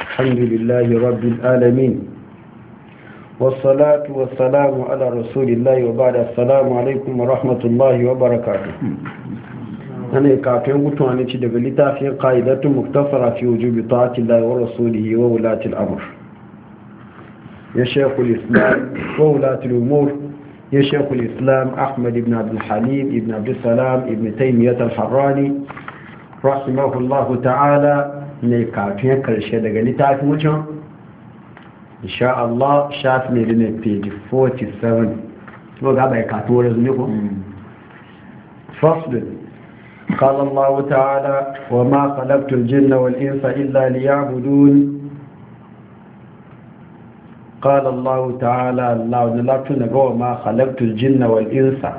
الحمد لله رب العالمين والصلاة والسلام على رسول الله وبعد السلام عليكم ورحمة الله وبركاته أنا كافي متواني تدبلتا في قاعدة مختصرة في وجوب طاعة الله ورسوله وولاة الأمر يا شيخ الإسلام وولاة الأمور يا شيخ الإسلام أحمد بن عبد الحليم بن عبد السلام بن تيمية الحراني رحمه الله تعالى ne kafin ya karshe daga littafin wucin insha Allah shafi ne ne page 47 ko gaba ya kafin wurin hmm. wa ma kalaktun jinna wal'insa illa ni ya budun kalallahu ga wa ma kalaktun jinna wal'insa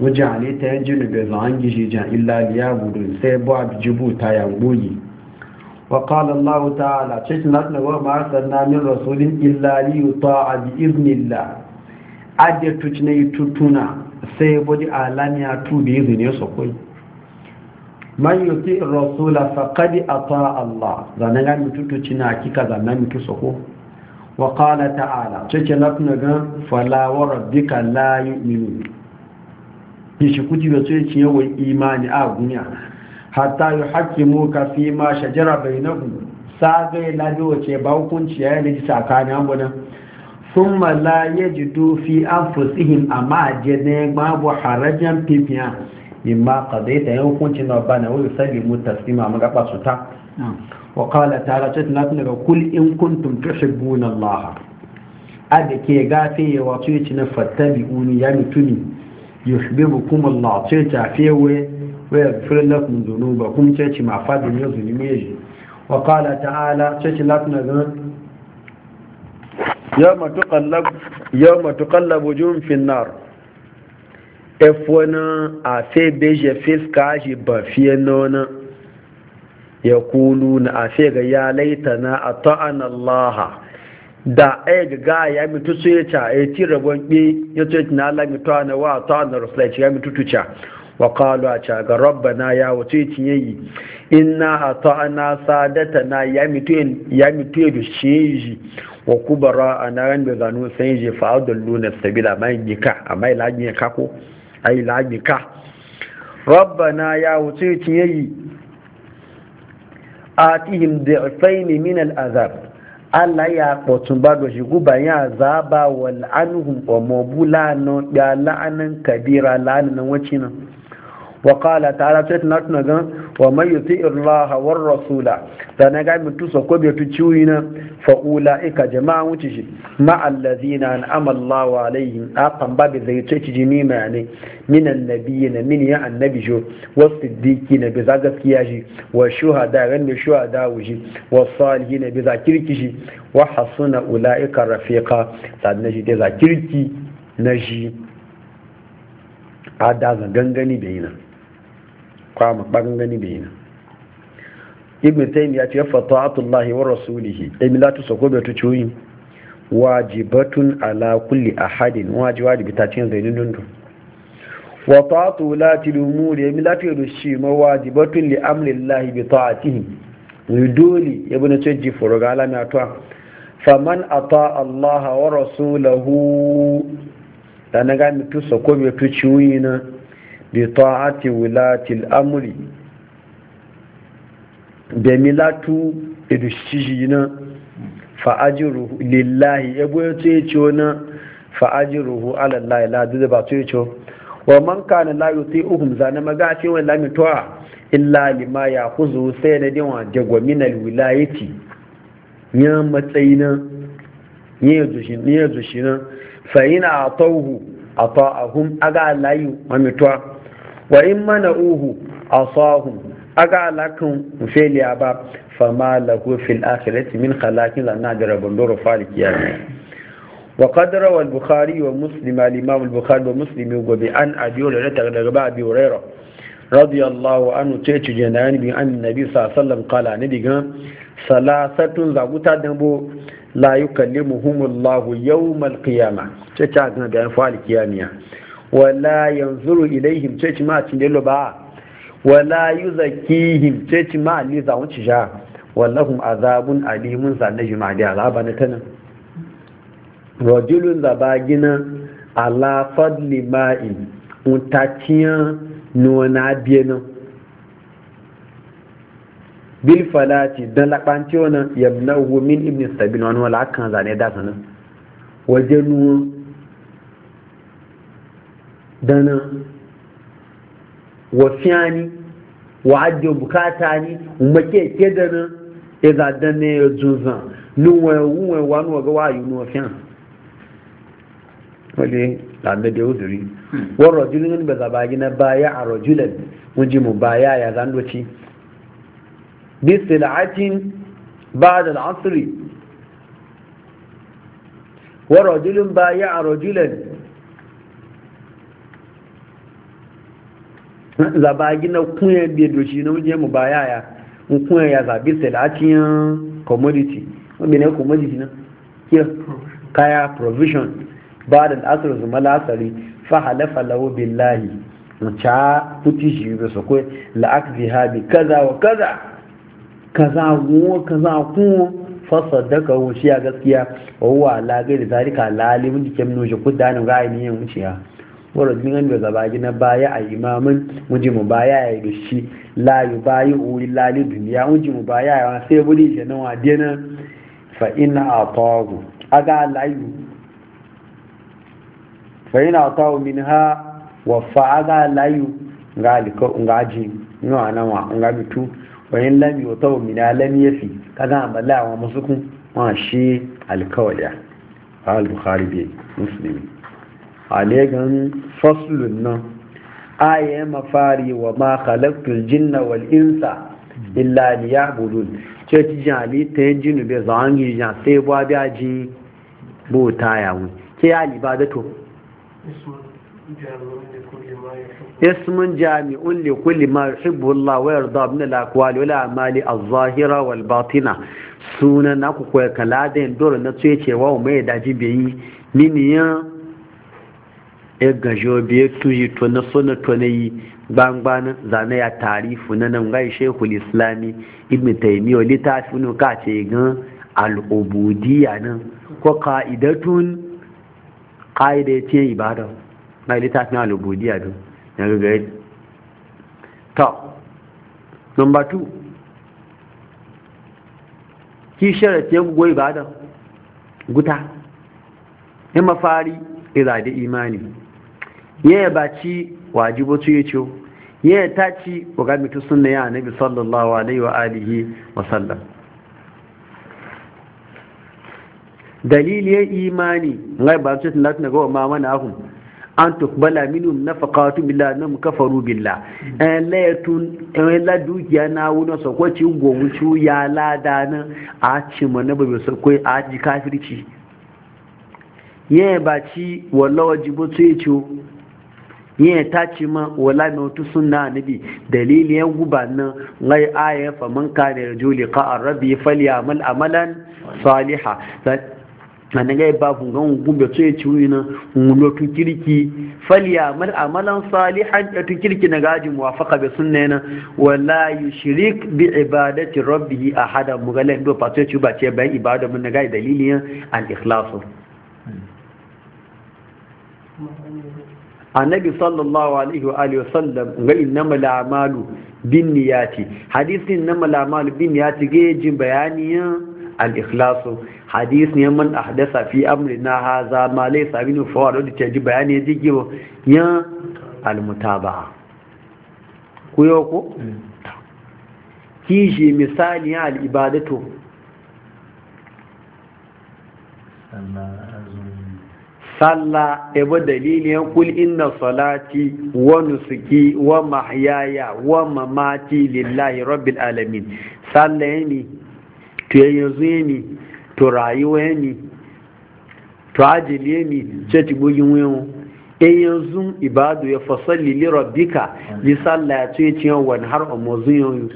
wujen ne ta yin jini bezon an gishi jan illa ni ya وقال الله تعالى شكلتنا وما أرسلنا من رسول إلا ليطاع بإذن الله أدي تجني تتنا سيبودي أعلاني أتو بإذن يسوكوي من يطيع الرسول فقد أطاع الله ذنغا متوتو تنا كيكا ذنغا متوسوكو وقال تعالى شكلتنا فلا وربك لا يؤمنون يشكوتي بسوية يوم إيماني آه hatta yi haƙƙi muka fi ma shajara bai na ku sagai labi wace ba hukunci ya yi tsakanin ambunan sun mala ya ji dufi an fusihin a ma'ajiyar na ya gbabu harajen fifiya ne ma kadai ta yi hukuncin na ba na wuri sabi mu taslima mu gaba su ta wa kala ta tun daga kul in kuntum tuhibbuna allaha a da ke gafe ya wato ci na fattabi uni ya mutumi yuhibbukum allah ce ta ويغفر لكم ذنوبكم تشي ما فاد من ذنوبي وقال تعالى تشي لكم يوم تقلب يوم تقلب وجوه في النار efwana a fe beje fiska shi ba fiye nona ya kulu na a fe ga ya laita na a ta'an Allah da ai ga ga ya mitu su ya ca ya ci rabon ɓe ya ce na Allah mitu na wa ta'an na rasulai ya mitu tuca وقالوا qalu a يا وتيتي ya wace ciye yi inna ata'na sadatana ya mitu ya mitu wa kubara ana ran da zanu sai je fa adalluna sabila mai gika amma ilajin Allah ya kotun ba da shi guba ya zaba wal anhum wa mabula no ya la'anan kabira la'anan wacin وقال تعالى تتنا تنغا ومن يطيع الله والرسول تنغا من تسو كوبي تشوينا فاولئك جماعه وتشي مع الذين انعم الله عليهم اقم باب زي تشي نيما يعني من النبيين من يا النبي جو والصديقين بزا كياجي والشهداء غن شهداء وجي والصالحين بزا وحصن اولئك رفيقا سادنجي دزا كيركي نجي a da gangani da kwama ɓarin gani bai nan ibn taimi ya ce ya fata atullahi wa rasulihi emilatu sako bai tu ciwoyi wajibatun ala kulli ahadin waji wajibi ta cin zainin dundun wa ta'atu la tilumuri emilatu ya shi ma wajibatun li amri llahi bi ta'atihi dole ya bi na ce ji foro ga alami atuwa faman ata allaha wa rasulahu da na gami tu sako bai tu ciwoyi na bita'ati wulatil amri da milatu idushiji na fa'ajiru lillahi ebo ya ce ce wani fa'ajiruhu alallahi ladu da ba ce ce wa man kana la yuti uhum zana maga ce wani lami to'a illa lima ya sai na dinwa jagwa minal wilayati ya matsayi na ya zushi na fa'ina a tauhu a ta'ahum aga layu mamitoa wa in mana uhu a sahun aga alakan ofeliya ba fama lahu fil akhirati min khalaqin la nadara bandoro faliki ya ne wa qadara wal bukhari wa muslim al imam al bukhari wa muslim wa bi an adiyul rata daga ba bi urayra radiyallahu anhu ta ce janani bi an nabi sallallahu alaihi wasallam qala ne diga salasatun zaguta dan bo la yukallimuhumullahu yawmal qiyamah ta ta ga da faliki ya ne wala yanzuru ilaihim ce ma cin lelo ba wala yuzakihim ce ci ma ni za wuce ja wallahum azabun alimun sa na jima da azaba na tanan rajulun zabagina ala fadli ma'i untatiyan biye biyanin bil falati dan laɓanci wannan yamnahu min ibn sabil wani wala kan zane da sanan wajen dana wa fiyani wa ajiye bukata ni umake ke dana ya e za dana ya zunzan nuwa wuwa wani waga wa yi nuwa fiyan wale lami da udiri hmm. wani rajulun yin ba zaba gina baya a rajulan wajen mu baya ya zandoci bisilacin ba da al'asiri wa rajulun baya a rajulan zabagi gina kunya biyar doshi na wajen mu ba yaya in kunya ya zabi salatin commodity wani ne commodity na kaya provision ba da asirin zuma lasari fa halafa lawo billahi ca kuti shi yi su kai la'ak zihabi kaza wa kaza kaza wa, kaza kuma fasa daga a gaskiya wa wuwa lagari gairi lalimin jikin nushe kudanin ra'ayin yin wuciya wara jinin da zaba gina baya a imamin muji mu baya ya da shi layu bayi uri la duniya muji mu baya ya sai budi shi nan wadiya nan fa inna a ga layu fa inna min ha wa fa ga layu ga ngaji no nwa na wa lami wa yutaw min fi ka kaga amala wa musukun wa shi alkawliya al-bukhari bi muslim alegan faslun nan aya mafari wa ma khalaqtul jinna wal insa illa liya'budun ce ti jali ta yi jinu be zangi jan sai bwa bi aji bo ta ya ya اسم جامع لكل ما يحبه الله ويرضى من الاقوال والاعمال الظاهره والباطنه سنن اكو كلا دور نتسوي cewa mai daji bai yi ya e gajo biye tuyi to na suna to na yi gbangban zane ya tarifu na nan gai shehu islami ibn taimiyya littafi ne ka ce gan al'ubudiyya nan ko ka'idatun ka'ida ce ibada na littafin al'ubudiyya don ya ga gari ta number 2 ki ce gugu ibada guta ya mafari irade imani yaya ba ci wajibo ci ya ciwo yaya ta ci wa ga mitu sunna ya nabi sallallahu alaihi wa alihi wa sallam dalil ya imani ngai ba ci sunna na ga ma mana ahum an tukbala minhum nafaqatu billah nam kafaru billa en eh, laytun en eh, la dukiya na wuna so ko ci gomu ci ya lada na a ci mana ba so ko a ji kafirci yaya ba ci wallahi wajibo ci ya ciwo yin ta ce ma wala mai wata suna nabi dalilin ya guba nan lai aya fa man ka ne rajuli ka a falyamal amalan saliha nan gai babu ga gan gumbe to ya ciwi na ngulo tun kirki falyamal amalan salihan ya tun kirki na gaji muwafaqa bi sunna yana wala shirik bi ibadati rabbih ahada mugalan do fa to ya ci ba ce bayan ibada mun ga dalilin al ikhlasu annabi sallallahu alaihi wa alihi wasallam ga innama la'amalu bin niyati hadisin innama la'amalu bin niyati ga jin bayaniyan al-ikhlasu hadis ne man ahdasa fi amrina haza ma laysa min fawad da ta ji bayani ji gibo ya al-mutaba'a ku yo kishi misali al-ibadatu sallah dalili dalilin kul inna salati wa nusuki wa mahyaya wa mamati lillahi rabbil alamin sallah ni to yanzu ni to rayuwa ni to ajili ni ce ti bugin wewo e yanzu ibadu ya fasalli li rabbika li sallah ya ce ci wani har amma zuyo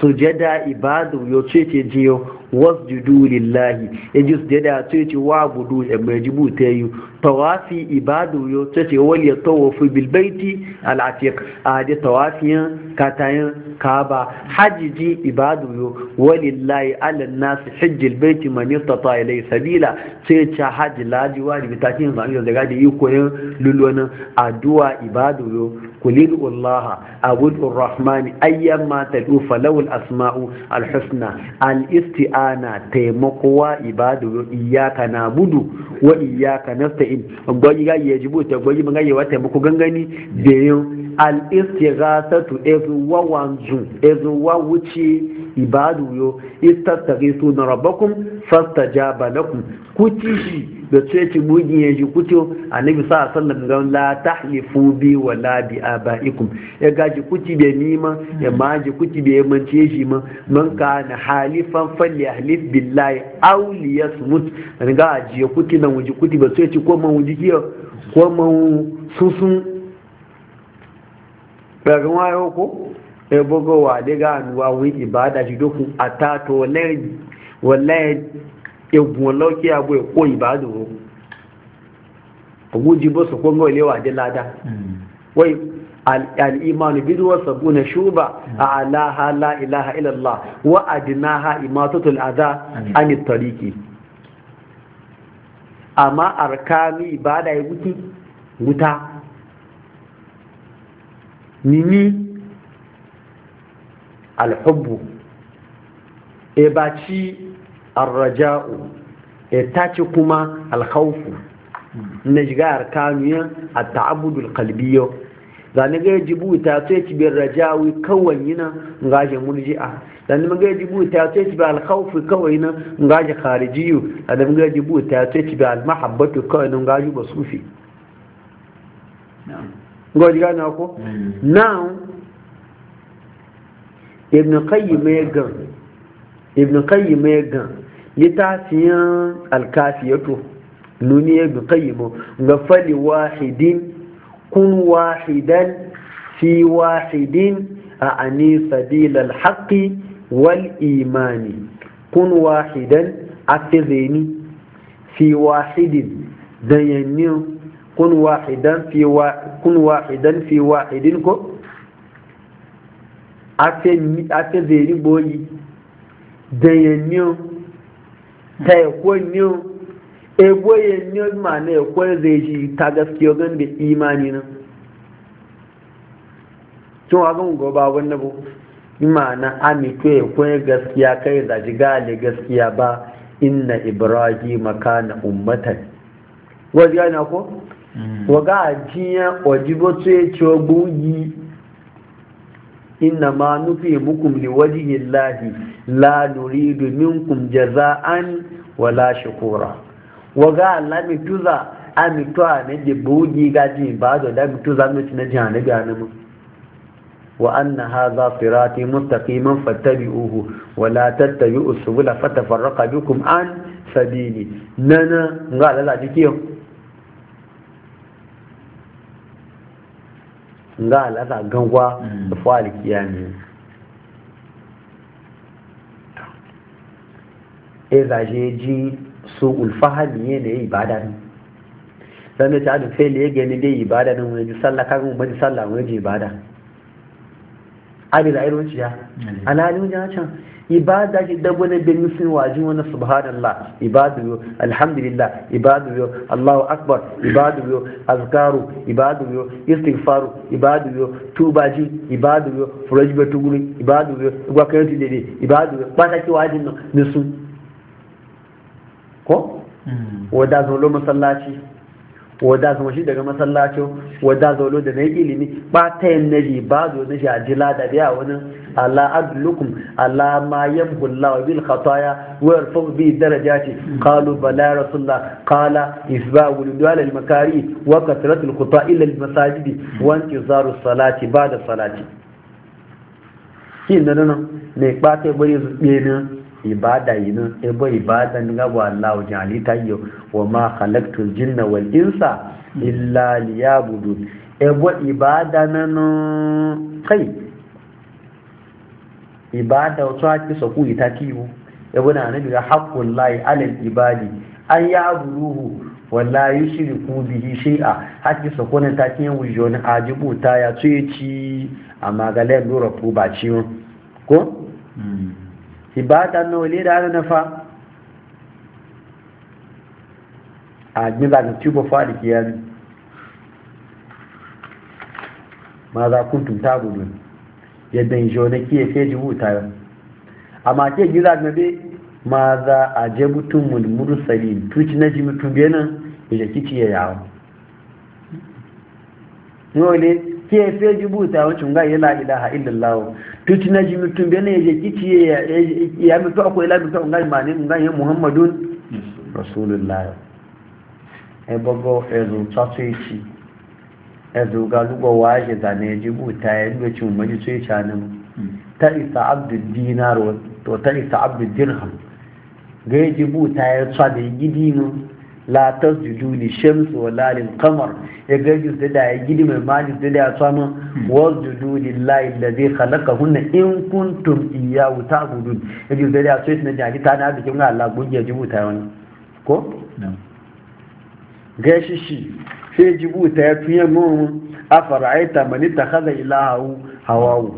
sujada ibadu yo ce ti jiyo wasjudu lillahi yaji da to yace wa budu da mai jibu ta tawafi ibadu yo to yace wal yatawafu bil baiti al atiq a katayin kaaba hajji ibadu yo walillahi ala nas hajji al baiti man yastata ilay sabila to yace hajji laji wajibi ta kin zan yo daga da lulwana addu'a ibadu yo kulil Allah abud rahmani ayyan ma dufa falawul asma'u alhusna al-isti'ana taimako wa ibadu iyyaka nabudu wa iyyaka nasta'in gwaji ga yajibu ta gwaji ga yawa taimako gangani da al-istighathatu ezuwa wanzu ezuwa wuce ibadu yo istaghithu rabbakum fastajaba lakum kuti shi da tsaye mugin ya ji kuto annabi sa sallam ga la tahlifu bi wa la bi abaikum ya gaji kuti be nima ya maji kuti be mance shi ma man na halifan falli ahlif billahi aw liyasmut ga ji kuti na wuji kuti ba tsaye ko man wuji kiyo ko man susun daga wayo ko e bogo wa de ga wi ibada ji doku atato le e bu lo ki e ko ibadu ji bo so ko wa de lada wai الإيمان بدو سبون شوبة أعلاها لا إله إلا الله وأدناها إماتة الأذى عن الطريق أما nini alhubbu e baci arraja'u e taci kuma alhaufu na shiga arkaniya a ta'abudul kalbiyo ni ga jibu ta ce ci bi rajawi kawai yana ngaje murji'a ni ga jibu ta ce ci bi alhaufu kawai yana ngaje kharijiyu zane ga jibu ta ce ci bi almahabbatu kawai yana ngaje basufi na'am gwaji gane ko mm. now ibn qayyim me gan ibn qayyim me gan litafiyan alkafiyatu nuni ibn qayyim ga fali wahidin kun wahidan fi wahidin a ani sabil alhaqi wal imani kun wahidan a fi fi wahidin zanyannin kun waxidan fi kun waxidan fi waxidin ko ate ate zeri boyi dayanyo ta ekwonyo egboyenyo ma na ekwen zai ji ta gaskiyo gan da imani nan tun wagon ba wanda bu imana amito ekwen gaskiya kai zaji gale gaskiya ba inna ibrahim kana ummatan wajen yana ko waga ajiya wajibo tsaye cewa buyi inna ma nufi mukum li wajihi lahi la nuridu minkum jaza'an wala shukura waga la mituza amitwa ne je buyi gaji ba da da mituza mutu na jihana gane mu wa anna hadha sirati mustaqiman fattabi'uhu wa la tattabi'us subula fatafarraqa bikum an sabili nana ngala la dikiyo nga alaka gangwa mm. da fali kiyami e zaje ji su ulfahami ne ibada ne sannan ta da fele ya gani dai ibada ne wani sallah kan mu bari sallah wani ibada da irin ciya mm. alalin can. ibada shi dabo ne bin nufin waji wani subhanallah ibadu yo alhamdulillah ibadu yo allahu akbar ibadu yo azkaru ibadu yo istighfaru ibadu yo tubaji ibadu yo furajba tuguri ibadu yo gwa kayan ti dede ibadu yo ba ta ki waji nusu ko hmm. wadda zo lo masallaci wadda su mashi daga masallacin wadda zaune da na yi ilimi ba ta yin na ba zo na shi a jila da biya wani Allah adlukum Allah ma yamhu Allah bil khataya wa yarfu bi darajati qalu bala rasulullah qala isba'u lidwal al makari wa kasratu al khata ila al masajid wa intizaru salati ba'da salati kin nan nan ne ba ta bari su ne ibada yinin ebo ibada ni ga wa Allah wajen halitta yau wa ma khalaqtul jinna wal insa illa liyabudun ebo ibada nan kai ibada wato ake so ku ita kiwo ebo na nabi ga haƙƙun layi, alal ibadi an ya'buduhu wala yi shiri yushriku bihi shay'a hakki so kone ta kiyan wujoni ajibu ta ya tuye ci amma ga len dora ku ba ciwo ko hmm. ibada na wale da ana nafa a gina da tuba fari kiyami ma za kuntum ta gudu yadda yi jo wani kiye fe ji huta yau amma ke gina na be ma za a je mutum mulmuru sali tuci na ji mutum biya nan ya kici ya yawo yau ne kiye fe ji huta wancan ga yana ilaha illallah Tutuna na ji mutum bene ya je kici ya mutu akwai la mutu ngai mani ngai muhammadun rasulullah ai e bago ezu zo tsatsi ezu zo ga lugo waje da ne ji buta ya ndu ci mu sai cha ta isa abdul dinar to ta isa abdul dirham ga ji buta ya e tsade gidi mu la tasjudu li shamsi wa la lil qamar ya ga da ya gidi mai Malik da ya samu wasjudu lillahi alladhi khalaqahunna in kuntum iyyahu ta'budun ya ga da ya so na da ta na bikin Allah gogiya jibuta wani ko ga shi sai jibuta ya fiye mun afara'aita mani takhadha ilahu hawahu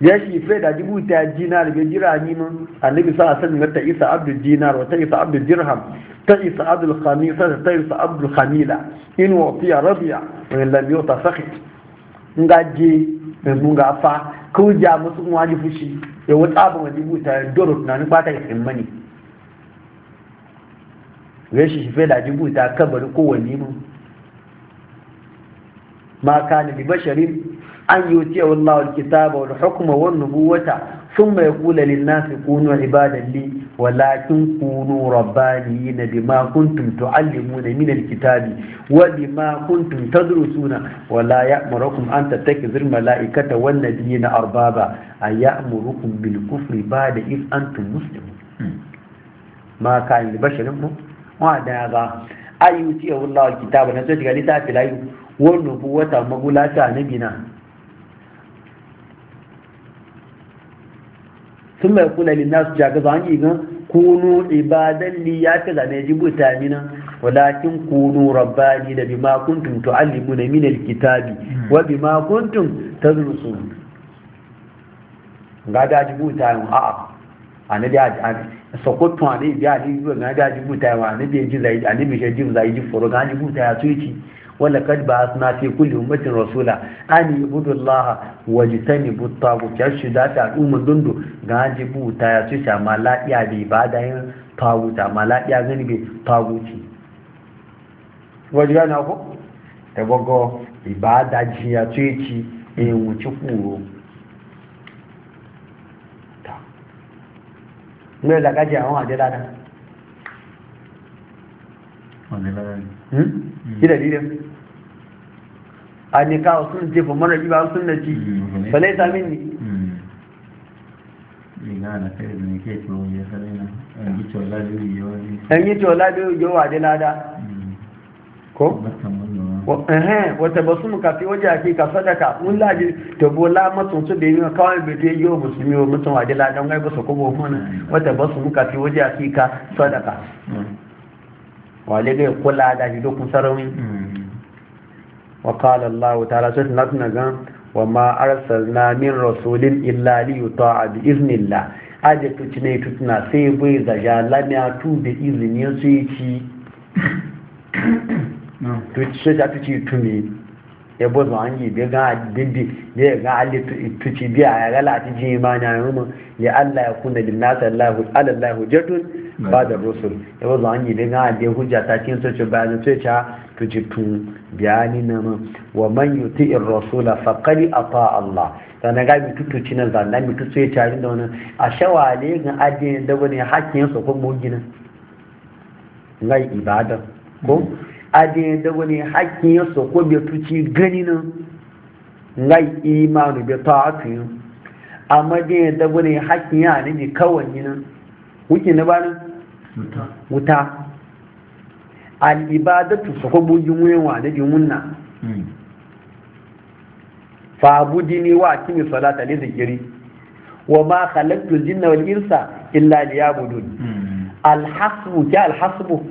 ya shi fai da dubu ta dinar bai jira ni mun annabi alaihi san ta isa abdul wa ta isa abdul dirham تئس عبد الخميس تئس عبد الخميلة إن وطي ربيع وإن لم يوطى سخط ngaji mun ga fa ko ja fushi ya wata ba wani buta doro na ni bata yin mani ya shi shi fela ji buta kabari ko wani mu ma kana bi basharin an yuti wallahu alkitaba wal hukma wan nubuwata ثم يقول للناس كونوا عبادا لي ولكن كونوا ربانيين بما كنتم تعلمون من الكتاب وبما كنتم تدرسون ولا يأمركم أن تتخذوا الملائكة والنبيين أربابا أن يأمركم بالكفر بعد إذ أنتم مسلمون ما كان لبشر وعدا هذا أيوتي الله الكتاب نسوتك لتعفل أيوه والنبوة مقولة نبينا sun mai kuna lina su jaga zan yi gan kunu ibadan li ya ta zane ji buta mina walakin kunu rabbani da bima kuntum na min kitabi wa bima kuntum su. ga da ji buta yin a'a ne da sokotun an bi a ne ga da ji buta wa ne bi ji zai ji zai ji foro ga ji buta ya tuki ولقد بعثنا في كل أمة رسولا أن يعبدوا الله واجتنبوا الطاغوت يشهد الأمة دندو غاجبوا تايتش مالا يا بعدين طاغوت مالا يا غنبي طاغوتي وجانا هو تبغوا ibada jiya tuci in wuce kuro ta mai da kaji àwọn àdé ládá ọ̀dẹ́lẹ́rẹ́ a nika wa sun jefa mara riba an sun ci, ba lai sami ne an yi cewa labi yawa da lada mm. ko? wata ba su mukafi waje ake ka sadaka mun laji ta bola matsun su da yi kawai bai ta yi wa musulmi wa mutum wa dila don gaiba su kuma hana wata ba su mukafi mm. waje ake ka sadaka mm. wale ga kula da shi dokun sarauni وقال الله تعالى سيدنا نتنا وما ارسلنا من رسول الا ليطاع باذن الله aje tucine tutuna sai bai zaja lamya tu da izinin su yi ci tuci ta tuci tumi ya bo an yi bai ga dindi da ga ali tuci biya a ga lati ji ma na rumu ya Allah ya kunna lin nas Allahu alallahu jatun ba da rusul ya bo an yi bi ga hujja ta tujitu biyani na wa man yuti in rasula faqali ata Allah sannan ga mi tutuci na zanna mi tutu ya tare da wani a shawale ga addinin da wani hakkin su ko mugina ngai ibada ko addinin da wani hakkin su ko bi tuci gani nan ngai imanu bi ta'atu amma da wani hakkin ya ne kawai nan wuce na bani wuta al'ibadatu su hubu jinwewa da jinwunna hmm. fa'abudi ne wa kimi salata ne zikiri wa ma khalaqtu jinna wal insa illa liyabudun hmm. alhasbu ya alhasbu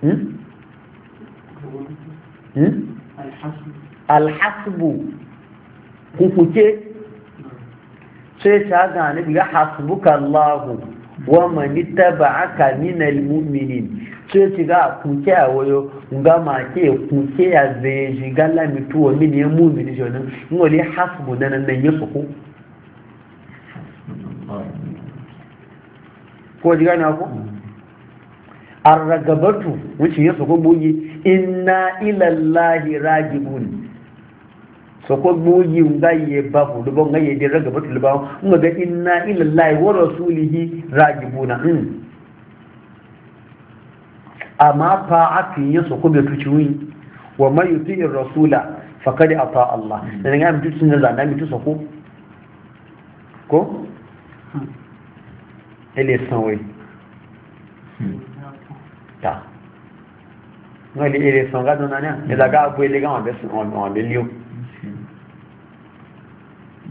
hmm? alhasbu kuku ke sai ta gane biya hasbuka Allahu wa mani taba aka nina muminin ce ci ga kunke a wayo nga ma ke kunke ya zai shi gala mitu wa mini ya mumini shi wani ngole hasbu na nan nan soko. suku ko ji gani ako arragabatu wuce ya suku bugi inna ilallahi ragibun so ko goyi nga ye ba ko do nga ye de raga batul ba nga ga inna ilallahi wa rasulihi rajibuna hmm. amma fa atin yaso ko be tuciwi wa may yuti'ir rasula faqad ata Allah hmm. hmm. dan ga mutu sun da nan mutu so ko ko ele sanwe ta ngale ele sanga dona ne da ga abu ele ga on be on be liyo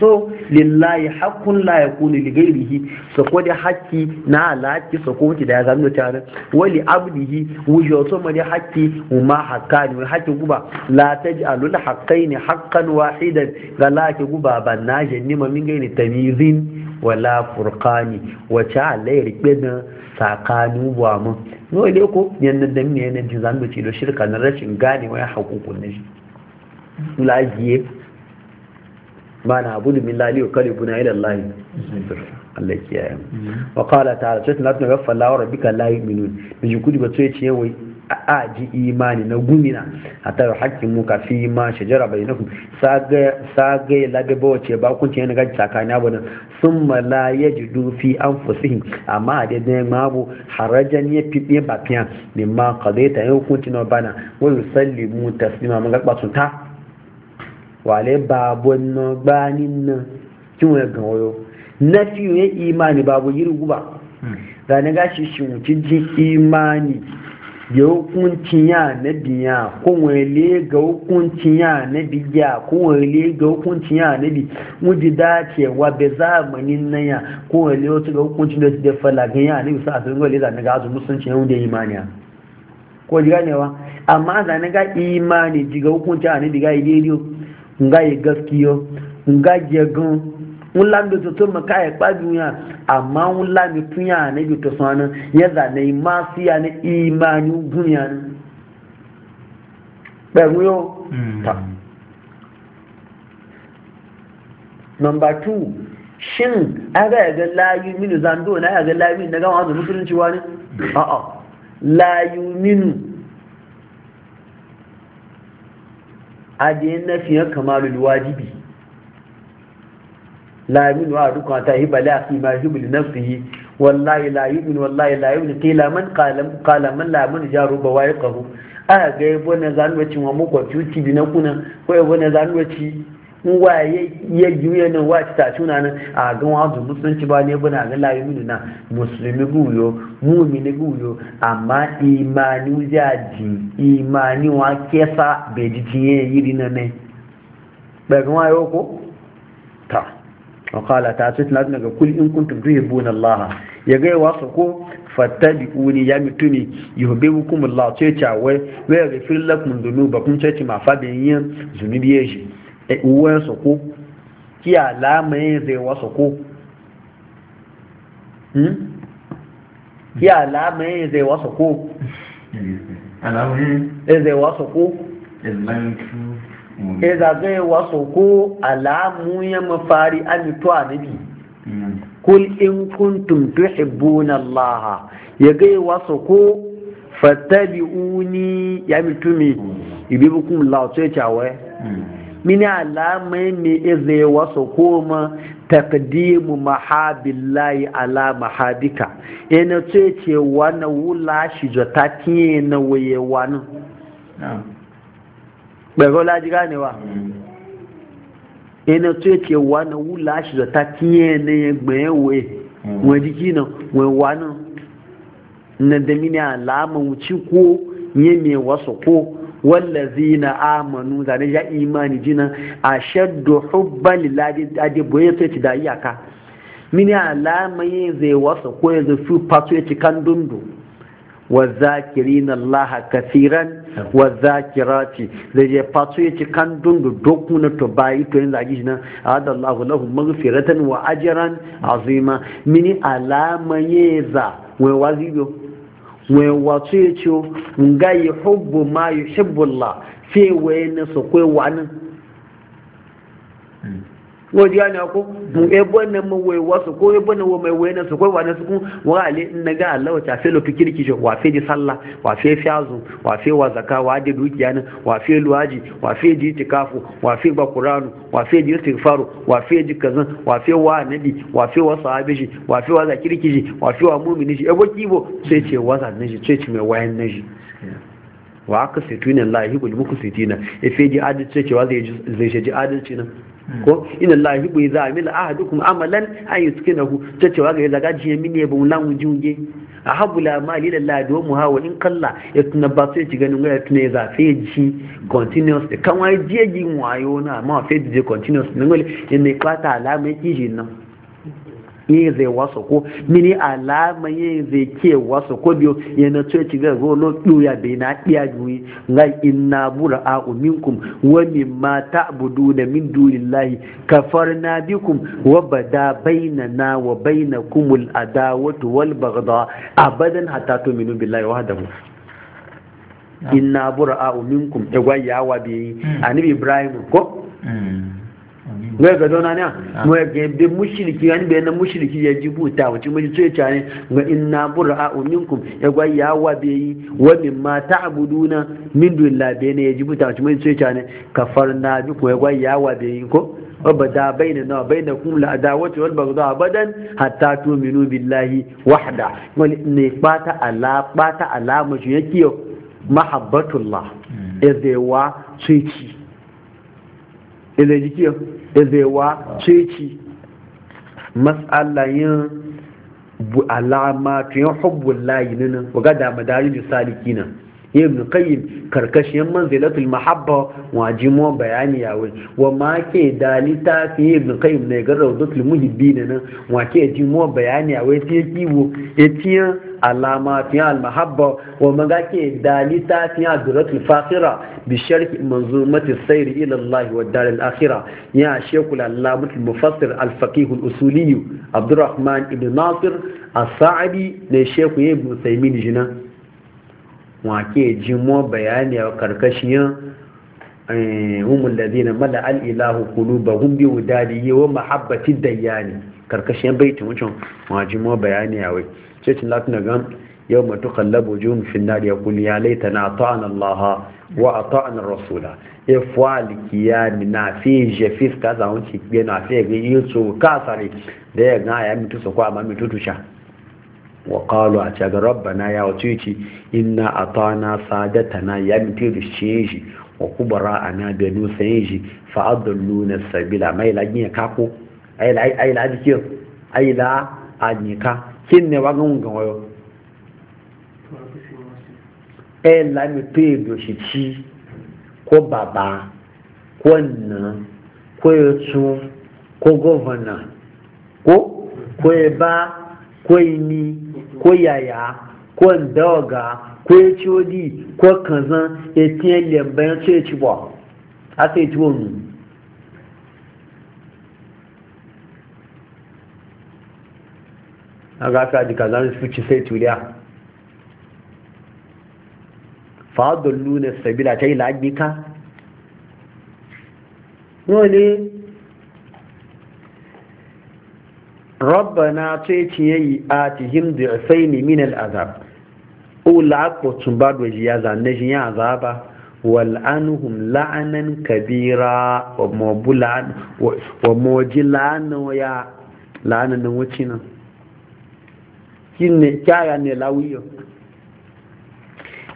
so lillahi hakkun la yakunu li ghairihi so ko da hakki na alaki so ko da ya zama tare wali abdihi wujo so ma da hakki ma hakkani wa hakki guba la al haqqaini haqqan wahidan galaki guba banna jinni ma min gaini tamizin wala furqani wa ta'ala ribena sakanu wa mu no ile ko yanda da mene ne jin zan do shirka na rashin gane ya hakuku ne shi lajiye ma na abudu min lali wa kalibuna ila Allah Allah kiyaye mu wa qala ta'ala sai na tunaga fa la rabbika la yu'minun biji kudi ba sai ciye wai a ji imani na gumina hatta hakkin mu ka fi ma shajara bainakum saga saga la be ba wace ba kun ce ne ga tsakani abu nan summa la dufi an anfusihim amma da ne ma bu harajan ya fiye ba fiya mimma qadaita yau kun tino bana wa yusallimu taslima mun ga ta wale babu na gbanin nan kin wani gan wayo na fiye ya imani babu yiri guba da hmm. na gashi shi mutum jin imani ya hukuncin ya biya ko wale ga hukuncin ya biya ko wale ga hukuncin ya na bi muji dacewa be zamanin na ya ko wale wata ga hukuncin da su da falagan da na gazu musulunci ko ji ganewa amma zanen ga imani ji ga hukuncin biya nga yi gaskiyo nga jegun wula lambe to ma ka yi kpa duniya amma wula mi tunya ne bi to sana ya za ne ma si ya ne imani dunya ne be mu yo mm. ta number 2 shin aga ga layu minu zando na aga layu minu daga wani musulunci wani ɔɔ mm. layu minu na nafiyan kamalul wajibi la yaminu wa duka ta hiba la fi ma hibu li nafsihi wallahi la yuminu wallahi la yuminu qila man qala qala man la man jaru a ga yabo na zanwaci wa mu ko cuci bi na kuna ko yabo na zanwaci in wa ya juya nan wa ci tashi na nan a gan wazu musulunci ba ne bana ga layu minu na musulmi guyo mumini guyo amma imani jaji imani wa kesa bai ji tiye yiri na ne bai gan wayo ko ta wakala ta ce tana daga kul in kuntum tuhibbuna allaha ya ga wasu ko fattabi'uni ya mituni yuhibbukum allah ce ta wai wa yaghfir lakum dhunubakum ce ma fa yin zunubi yaji uwe soko ki alama eze wa soko ki alama eze wa soko eze wa soko ẹ̀zàgẹ́ wa soko ya mafari amito anabi hmm. kul in kuntum tuhibbuna allaha yage wasu ko fattabi'uni ya mitumi hmm. ibibukum la tsaye mini alamai ne ize wasu koma takdimu mahabillahi ala mahabika yana ce ce wani wula shi jota tiye na waye wani ɓago laji ganewa yana mm. ce ce wani wula shi jota tiye na ya gbaye waye mm. wani jiki na waye wani na da mini alamun ci ko yi mai wasu ko wallazina amanu zane ya imani jina A ashaddu hubban lillahi ade boye sai ti da aka mini alama yin zai wasa ko yanzu fi pato ya ci kan dundu wa zakirina allah kasiran wa zakirati zai je pato ya kan dundu dokuna to bayi to yin zagi jina hada allahu lahu maghfiratan wa ajran azima mini alama yin za wai wazibo wai wato ya ce nga yi hubbu ma yi hibbullah sai wai na sakwai hmm. wani wajen ne ko mu ebo nan mu wai wasu ko ebo wo mai we na su ko wa ne su ko wale in na ga Allah wata sai lokaci kirki shi wa fe di sallah wa fe fiyazu wa fe wa zaka wa di dukiya na? wa fe luwaji wa fe di tikafu wa fe ba qur'anu wa fe di istighfaru wa fe di kazan wa fe wa nabi wa fe wa sahabi shi wa fe wa ki shi wa fe wa mu'mini shi ebo kibo sai ce wa zanne shi ce ce mai wayan nan shi wa aka situna lahi bil e ife ji adalci cewa zai zai ji adalci nan ko ina a mila a amila kuma amalan an hu ta cewa ga zaga jiye mini ba mulan wujunge a habula mali da ladi wa muhawa in kalla ya tuna ba sai ci ganin ya tuna ya zafe ji continuous kan wai jiye yi wayo na ma fe ji continuous ne ne kwata alamai kishi nan ye zai wasu ko mini alama ye zai ke wasu ko biyo ya na ce ci ga rono ɗoya bai na iya juyi nga inna bura a uminkum wa mimma ta'budu da min dunillahi kafarna bikum wa bada na wa bainakumul adawatu wal baghdha abadan hatta tu'minu billahi wahdahu ina bura a uminkum e gwa yawa bi hmm. anibi ibrahim ko hmm. ne ga dona ne mu ga bi mushriki yan be na mushriki ya jibuta wace ta ne ga inna a minkum ya gwai ya wabe be yi wa min ma na? min dunillahi be ne ya jibuta wace mu ce ta ne kafarna bi ko ya gwa ya hmm. wa be yi ko وبدا بيننا وبينكم العداوة والبغضاء أبدا ezewa ceci matsalayin alama yi hubbun layi nuna ga da madari da saliki nan ibn qayyim karkashin manzilatul mahabba wa bayani yawe wa ma ke dalita fi ibn qayyim ne ga rawdatul muhibbina nan wa ke jimo bayani yawe ti kiwo etiya alama fi al mahabba wa ma ga ke dalita fi adratul fakhira bi sharh manzumati sayr ila allah wa dar al akhirah ya shaykhul allamatul mufassir al faqih al usuli abdurrahman ibn nasir as-sa'di ne shaykhu ibn saymin jinan wake jimo bayani a karkashin eh, humul ladina mala al ilahu qulubahum bi wudadihi wa mahabbati dayani karkashin baitin wucin wa jimo bayani a wai ce cin latin ga yau matu kallabu juhun finnar ya kuli ya laita na ta'anar Allah wa a ta'anar Rasula ya e fuwa likiya na fi jefis ka zaun ci na fi ga yi so ka sare da ya ga ya mitu su kwa ma mitu tusha wa qalu a caga rabbana ya wato yace inna atana sadatana ya mutu da shi wa kubara ana da nusayin shi fa adalluna sabila mai lagin ya kako ai la ai la dikir ai la anyika kin ne wa gun gun wayo ai la mutu da ci ko baba ko ko ko ko ba ko ni ko yaya ko ndoga ko ya ko kanzan ya le lemba ya ce ci ba a sai ci wani a gaka ji kazan su ci sai turiya fa'adun luna sabila ta yi la'agika ni. rabbana sai ci yayi atihim ne min al'azab ula ko tun ba doji ya zane shi ya azaba wal anhum la'anan kabira wa mabulan wa ya la'anan wuce nan ne kyara ne lawiyo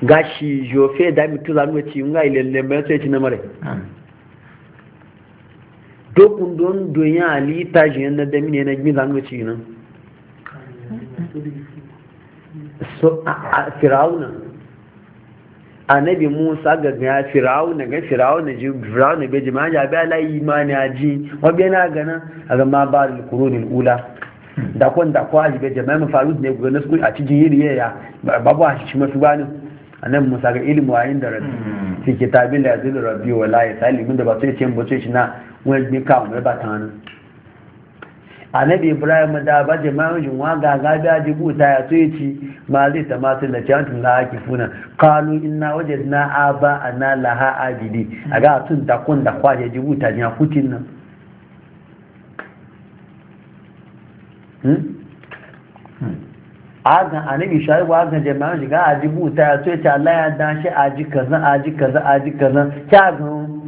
gashi jofe da mutu zanuwa zanuci ngai lelle mai sai ci na mare dokun don duniya halitta shi yadda da mine na gizan wuce nan so a firauna annabi musa ga ya firauna ga firauna ji firauna bai jima ya bi ala imani a ji wabi yana gana a zama ba da kuronin ula da kwan da kwa ji bai ya mafaru ne gudana su a cikin yiri ya babu a cikin masu bani nan musa ga ilimu a inda rabbi hmm. fi kitabin da ya zai rabi wa layi ya salimin da ba su ce ba su shi na wọ́n gbé káwọn mẹ́bà tán ní anabi ibrahim da ba jama'in wọ́n waga bí a jibu ta ya tsoye ci ma zai ta masu laciyantun na ake funa kalu ina waje na aba a na laha abidi a hmm? ga tun da kun da kwaje jibu ta ya kutin nan aga anabi shayi wa aga jama'in shiga a jibu ta ya tsoye aji kaza aji kaza aji kaza kyagun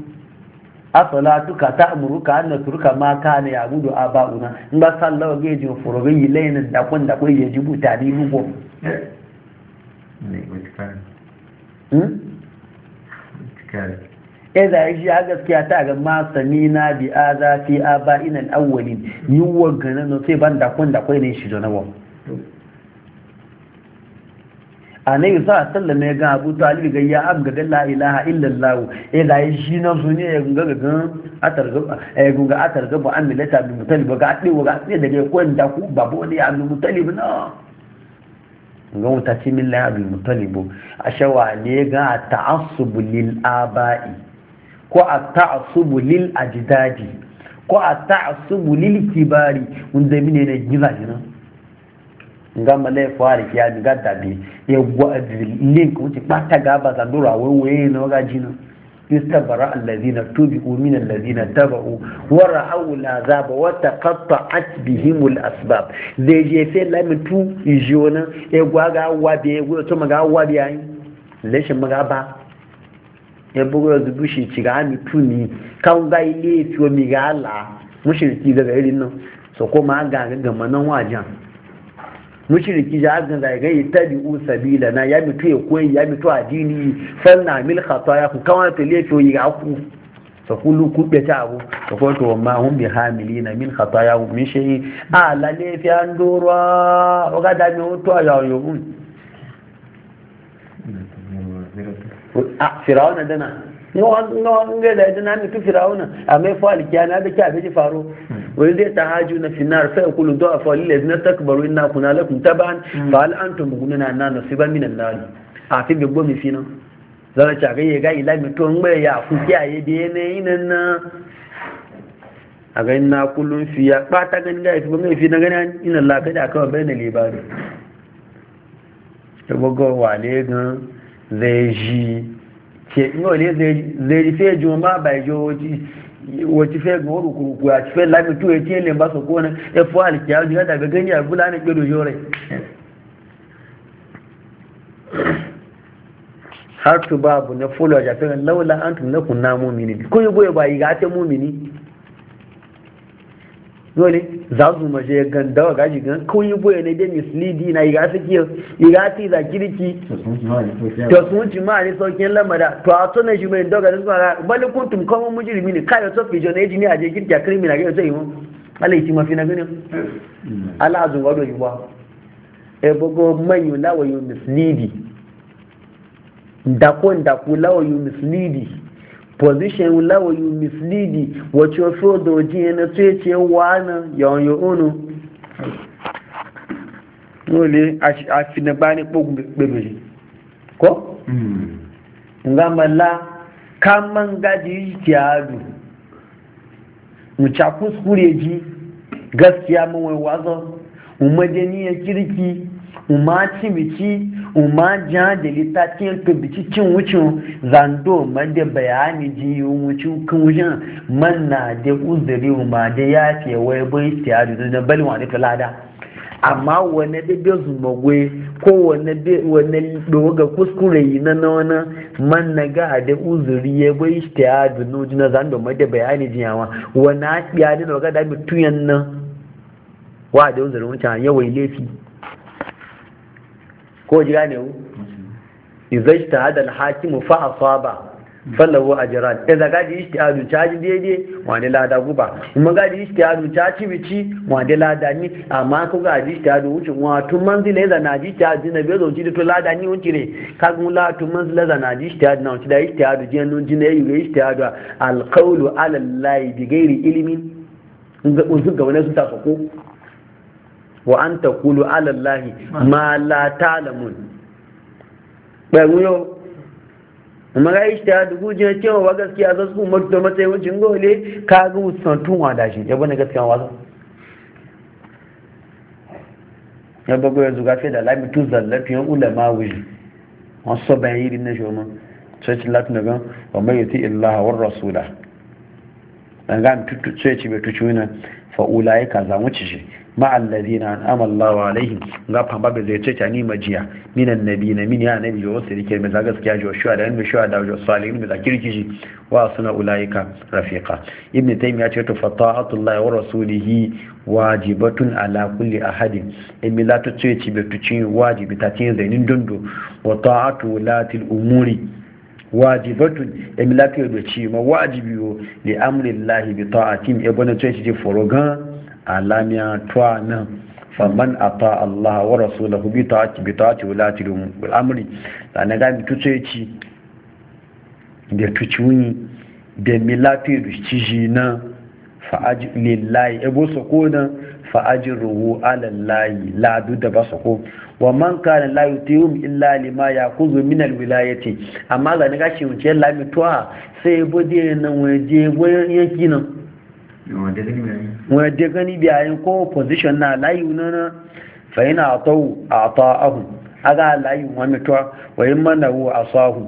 asalatuka ta'muruka an natruka ma kana a aba'una in ba lawa ga jin furobi lain da kun da kun yaji buta ni hmm? eh, za a yi shi a gaskiya ta ga ma na bi aza fi aba'ina al-awwalin wa ganin sai ban dakon dakon ne shi na nawa. annabi sa sallam ya ga abu talib ga ya abga da la ilaha illallah eh da shi na su ne ya gunga ga gan atar ga eh gunga atar ga ba an milata bi mutalib ga adi ga sai daga ko da ku babu ne ya bi mutalib na ga wuta ci min la bi mutalib a shawa ne ga ta'assub lil aba'i ko a ta'assub lil ajdadi ko a ta'assub lil kibari mun da mine ne gizaji na nga male fari ya gata dabi ye gwa link wuce bata gaba za we we na waga jina istabara allazina tubi'u min allazina taba'u wa ra'aw al'azab wa taqatta'at bihim al'asbab zai je la me tu jona ya e gwa ga bi e gwa to maga wabe yayi leshin maga ba e bugo zubushi ci ga ni tu ni ka nga ile tu o mi ga t'i mushriki daga irin nan so ko ma ga ga manan wajan mushriki ja azan da ga tabi usabila na ya mitu ya koyi ya mitu addini sannan mil khataya ku kawai to leto yi aku fa kullu kuɓe ta abu ta ko to ma hum bi hamilina min khataya min shay a le fi andura o ga da mi o to ya yo bun a firawna dana nawan ga da idan na mutu firawuna a mai fa alkiya na da kya biji faro wani zai ta haju na finar sai kullu do a fali da na takbaru inna kuna lakum taban fa al antum gununa na nasiba minan nar a fi gbogbo mi fina zara ta ga ye ga ila mi to ngbe ya fu kya ye de ne inan na a ga inna kullun fiya ba ta gani ga fi mai fi na gani inna la ka kada aka bai na libari to gogo wale gan zai ji ṣèpínlẹ̀ ilé zèrìfẹ́ jùmọ̀ má bàjọ́ wọ́n fẹ́ gan orùkùrùkù àti fẹ́ lámì tó etí ẹ̀lẹ̀ bá sọ̀kọ́ ní ẹfọ́ àlìkíyà ojú láti àgbẹ̀gẹ́ ní àgbúlá ní gbẹ̀dọ̀ yọ rẹ̀ har tó bá abu na fọ́lọ̀ àjàfẹ́rẹ̀ lọ́wọ́lá antum na kun na mumini ko yi goyi e, ba yi ga ta dole za su maje gandawa gashi gan kawai yi boye ne dai mislidi na iga suke iga ti za kirki to su wuce ma ne saukin lamada to a tsona shi mai doga da suka ga bali kuntum kawo mujirmi ne kayo to fijo ne jini a je kirki a kirmi na ga zai mu alai ci mafi na ganin ala azun wado yi ba e bogo manyu lawayu mislidi ndako ndako lawayu mislidi position lawa yu mislidi wa you so doji na ce ce wana yawon unu dole a fi na bani ɓogun ɓebiri ko? Nga hmm. ngamala kaman gaji jihadu mucha kuskure ji gaskiya mawai wazo umajaniya kirki umaci mici umma jan da littafin tubici cin wucin zando man da bayani ji wucin kan wucin man na da uzuri ma da ya ce wai bai tiyari da balwa wani lada amma wane Zuma zumagwe ko wane ga kuskure yi na na wani man na ga da uzuri ya bai ta da nuji na zando ma da bayani yawa wani ya da ga da mutuyan nan wa da uzuri wucin yawai laifi ko ji gane wu izai ta hada alhakimu fa asaba fallawo a jiran ɗin zaga ji ishti adu caji daidai wani lada guba kuma ga ji ishti adu ci, bici wani lada ni amma ko ga ji ishti adu wucin wa tun manzila ya na ji ta adu na bai zonci da to lada ni wunci ne ka gun la tun manzila zana ji ishti adu na wunci da ishti adu jiyan nun jina yayi ga ishti adu alqawlu ala llahi bi ghairi ilmin in ga wani sun tafa ko wa an ta kulu alallahi ma la talamun ɓaru yau mara ishta dubu jiya cewa wa gaskiya za su kuma da matsayin wajen gole ka ga tun wada shi ya bane gaskiya wasu ya bago yanzu gafe da lami tun zallafiyan ulama wuji wasu bayan yi na shoma sai ci latin daga wa mai ta illaha war rasula dan ga tutu sai ci bai tuci wina. fa'ula ya ka zamu ci shi ma'allazina an Allahu alaihim ga famba be zai cece ni majiya minan na min ya nabi wa sirike me zaga gaskiya jo shuwa da mai shuwa da jo salihin mai zakir kishi wa suna ulaika rafiqa ibn ya ce to fata'atu Allah wa rasulihi wajibatun ala kulli ahadin in mi la to ce ci wajibi ta tin zainin dondo wa ta'atu latil umuri wajibatun in mi la ke ce, ma wajibi yo li amrillahi bi ta'atin e bona ce ci forogan alamiya tuwa nan a ta Allah wa rasulahu bi ta'ati bi ta'ati wala tilum bil amri sana ga tuce ci da tuci wuni da da ci ji na fa lillahi Ebo sako na fa ruhu alallahi ladu da ba da basako wa man kana la yutihum illa lima yakuzu min al wilayati amma ga na shi mun ce la mi tuwa sai bo dina wani waje bo yanki nan wọ́n dé gani bí ayin kó position náà láyìí náà fẹ̀yìn àtọ́wò àtọ́ ahùn aga wa wọn mẹ́tọ́ wọ́n mọ́nà wo àṣọ ahùn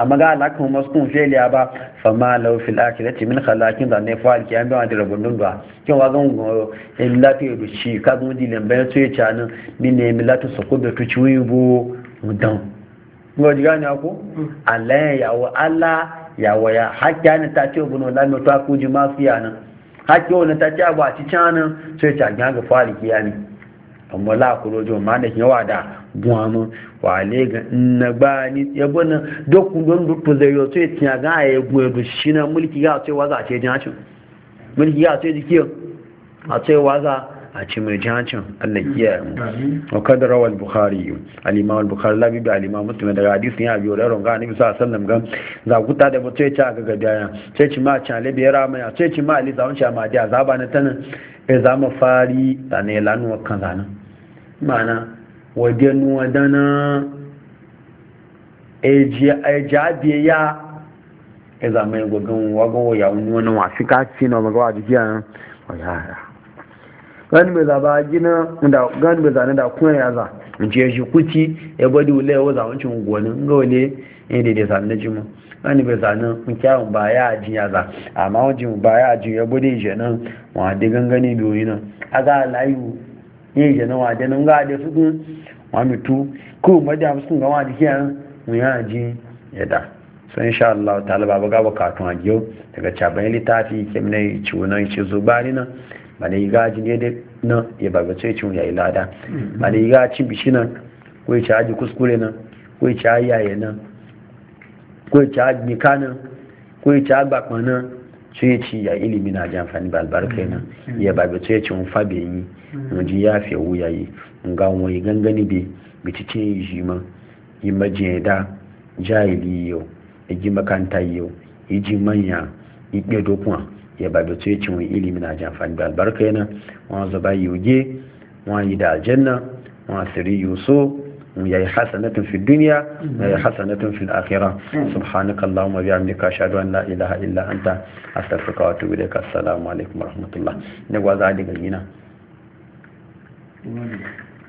amma ga alakan masu kun feliya ba fama lau fil akhirati min khalakin da ne fa alki an bawa da rabon dunga kin wa zan go illati du shi ka gun di lembe to ya chan min ne millatu sukub da tuci wibo mudan ngo diga ni ako Allah ya wa Allah ya waya ya hakka ni ta ce bunu la mi ta ku ji mafiya nan haƙƙi wani ta ci abu a cikin canin sai ta gina ga fari kiya ne amma la kuro jo ma da yawa da buwamu wa le ga na ba ni ya na dokun don dukku zai yo sai tiya ga ya buwe bu shi na mulki ga sai waza ce jinacin mulki ga sai dikiyo a sai waza a ce mai jihancin Allah kiyaye mu wa kad rawal bukhari al-imam al-bukhari la bi al-imam muslim daga hadisi ya biyo da ronga annabi sallallahu alaihi wasallam ga za ku ta da mutai ta ga ya ce ci ma can le biyara ya ce ci ma ali zawon sha ma da zaba na tanan e za mu fari da ne lanuwa kan zana mana wajen wadana ejabiya e ya e za mai gogon wagon ya wani wani wasu kaci na magawa jikiya ya gani mai zaba gina da gani mai zane da kuma ya za in ce shi kuci ya bari wule ya waza wancin gwanin ga wale ya daidai sani na jima gani mai zane in kyawun ba ya ji ya za amma wajen ba ya ajin ya bari ya nan wa da gangane biyu yi nan a ga layu ya yi nan wa da nan ga da su kun wa mutu ko ma da su kun ga wa da kiyan mu ya ajin ya da so insha Allah ta'ala baba ga bukatun a yau daga caban littafi kemne ciwo nan ci zubari nan ba na yiga ji ne da nan ya ba gace cin ya ilada ba na yiga ci bishi nan ko ya ci kuskure nan ko ya ci haji yaye nan ko ya ci haji nika nan ko ya ci haji bakman nan su ya ci ya ilimi na ji amfani ba albarka nan ya ba gace cin fabe yi mu ji ya fiye wuya yi in ga wani gangani bi bitice yi shi ma yi majiya da jahili yau yi makanta yau yi ji manya yi ɗaya dokunan ya ba da tsoyacin wani ilimi na jan fani da albarka yana wani zaba yoge wani da aljanna wani siri yuso ya yi hasanatun fi duniya ya yi hasanatun fi akira subhanaka allahumma bi amdika ashhadu an la ilaha illa anta astaghfiruka wa atubu da assalamu alaikum wa rahmatullah ne gwa za a diga gina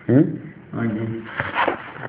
hmm?